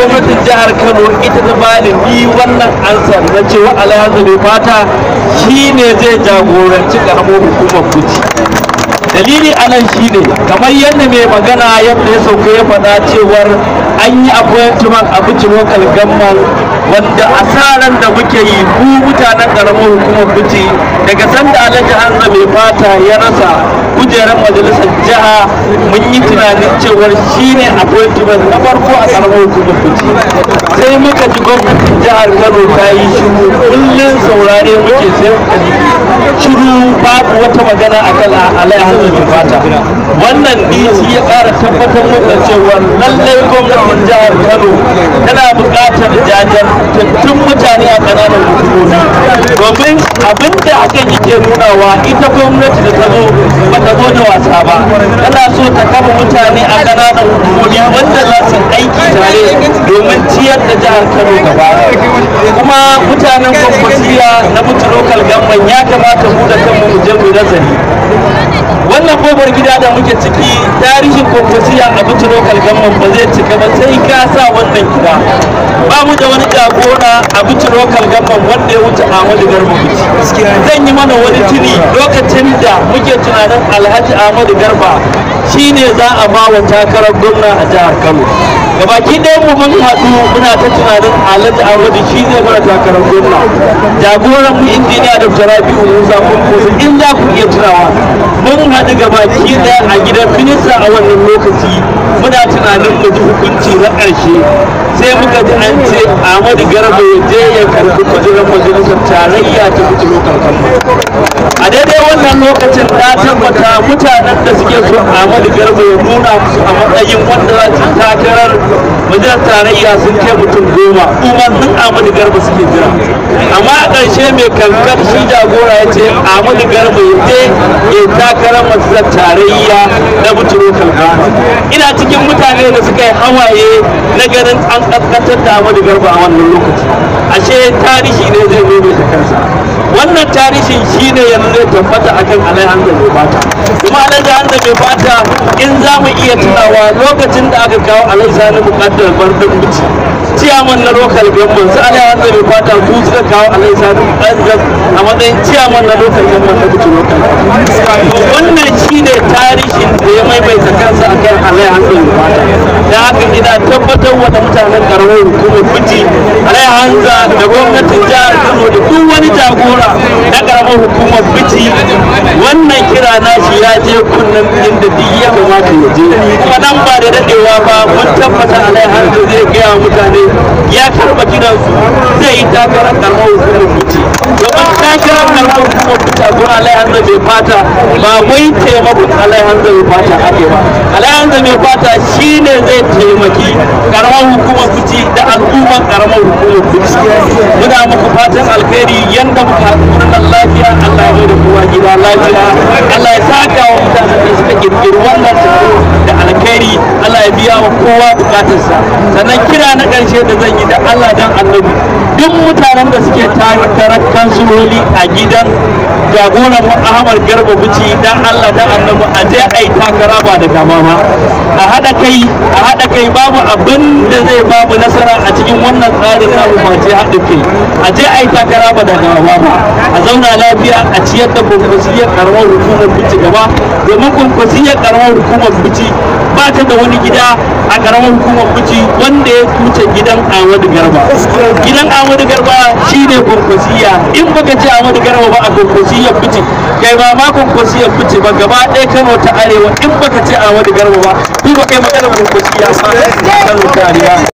gwamnatin jihar kano ita ta bani ni wannan ansar na cewa alhazu mai fata shi ne zai jagoranci karamar hukumar kuci dalili anan shi ne kamar yadda mai magana yadda ya sauka ya faɗa cewar an yi appointment a bikin local gamman wanda asaran da muke yi ku mutanen karamar hukumar bici daga sanda alhaji hanza mai fata ya rasa kujerar majalisar jiha mun yi tunanin cewar ne appointment na farko a karamar hukumar bici sai muka ji gwamnatin jihar kano ta yi shiru kullum saurare muke sai muka ji shiru babu wata magana a kan alai fata wannan dc ya ƙara tabbatar da cewa lallai gwamnatin jihar kano tana buƙatar jajantattun mutane a ƙananan abin da hakan yake nunawa ita gwamnati da ta zo ba ta zo da wasa ba tana so ta kama mutane a ƙananan hukumomi wanda za su aiki tare domin ciyar da jihar kano gaba kuma mutanen gwamnatiya na mutu lokal gamban ya kamata mu da kanmu mu je mu nazari wannan kofar gida da muke ciki tarihin kwankwasiya a mutu local government ba zai cika ba sai ka sa wannan gida ba mu da wani jagora a mutu local government wanda ya wuce ahmadu garba bici zan yi mana wani tuni lokacin da muke tunanin alhaji ahmadu garba shine za a ba wa takarar gwamna a jihar kano gabaki ɗaya mu mun haɗu muna ta tunanin alhaji ahmadu shi zai mana takarar gwamna jagoran mu injiniya da rabi'u musa kun in za ku iya tunawa mun haɗu gabaki ɗaya a gidan minista a wannan lokaci muna tunanin mu ji hukunci na ƙarshe sai muka ji an ce Ahmadu Garba ya je ya karɓi kujerar majalisar tarayya ta kujerar kankan lokacin ta tabbata mutanen da suke so Ahmadu Garba ya nuna musu a matsayin wanda za ta takarar wajen tarayya sun kai mutum goma umarnin Ahmadu Garba suke jira amma a ƙarshe mai kankan shi jagora ya ce Ahmadu Garba ya je ya takarar majalisar tarayya na mutum kalma ina cikin mutane da suka yi hawaye na ganin an ƙasƙantar da Ahmadu Garba a wannan lokaci ashe tarihi ne zai nuna da kansa wannan tarihin shi ne yanzu zai tabbata akan alaihanza mai fata kuma alaihanza mai fata in za mu iya tunawa lokacin da aka kawo alaihanza na bukatar bardan bici ciyaman na local government su alaihanza mai fata su suka kawo alaihanza bukatar a matsayin ciyaman na local government na bici local wannan shi ne tarihin da ya maimaita kansa akan alaihanza mai fata da haka ina tabbatar wa mutanen karamar hukumar kuti alai hanza da gwamnatin jihar kano da duk wani jagora na karamar hukumar kuti wannan kira na shi ya je kunnen inda duk ya kamata ya je ba da daɗewa ba mun tabbata alai hanza zai gaya mutane ya karba kiransu zai yi takarar karamar hukumar kuti gaban takarar karfin kuma fita gura alaihanza mai fata ba wai taimakon alaihanza mai fata ake ba alaihanza mai fata shine zai taimaki karamar hukumar kuci da al'ummar karamar hukumar kuci muna muku fatan alkhairi yanda muka haɗu lafiya Allah ya da kowa gida lafiya Allah ya saka wa mutanen da suka kirkiri wannan da alkhairi biya wa kowa bukatarsa sannan kira na ƙarshe da zan yi da Allah dan annabi duk mutanen da suke tarakkan suroli a gidan jagoran mu Garba Buci dan Allah da Annabi a je ai takara ba da kama ma a hada kai a hada kai babu abin da zai babu nasara a cikin wannan tsarin na ba ce hada kai a je ai takara ba da kama ma a zauna lafiya a ciyar da kwankwasiyar karamar hukumar Buci gaba domin kwankwasiyar karamar hukumar Buci ba ta da wani gida a karamar hukumar Buci wanda ya kuce gidan Ahmadu Garba gidan Ahmadu Garba shine kwankwasiya in baka ce Ahmadu Garba ba a kwankwasiya ya fice kai ba makon kwashi ya fice ba gaba ɗaya kano ta arewa in baka ce a wani garba ba duk ba kai magana kwashi ya sa kano ta arewa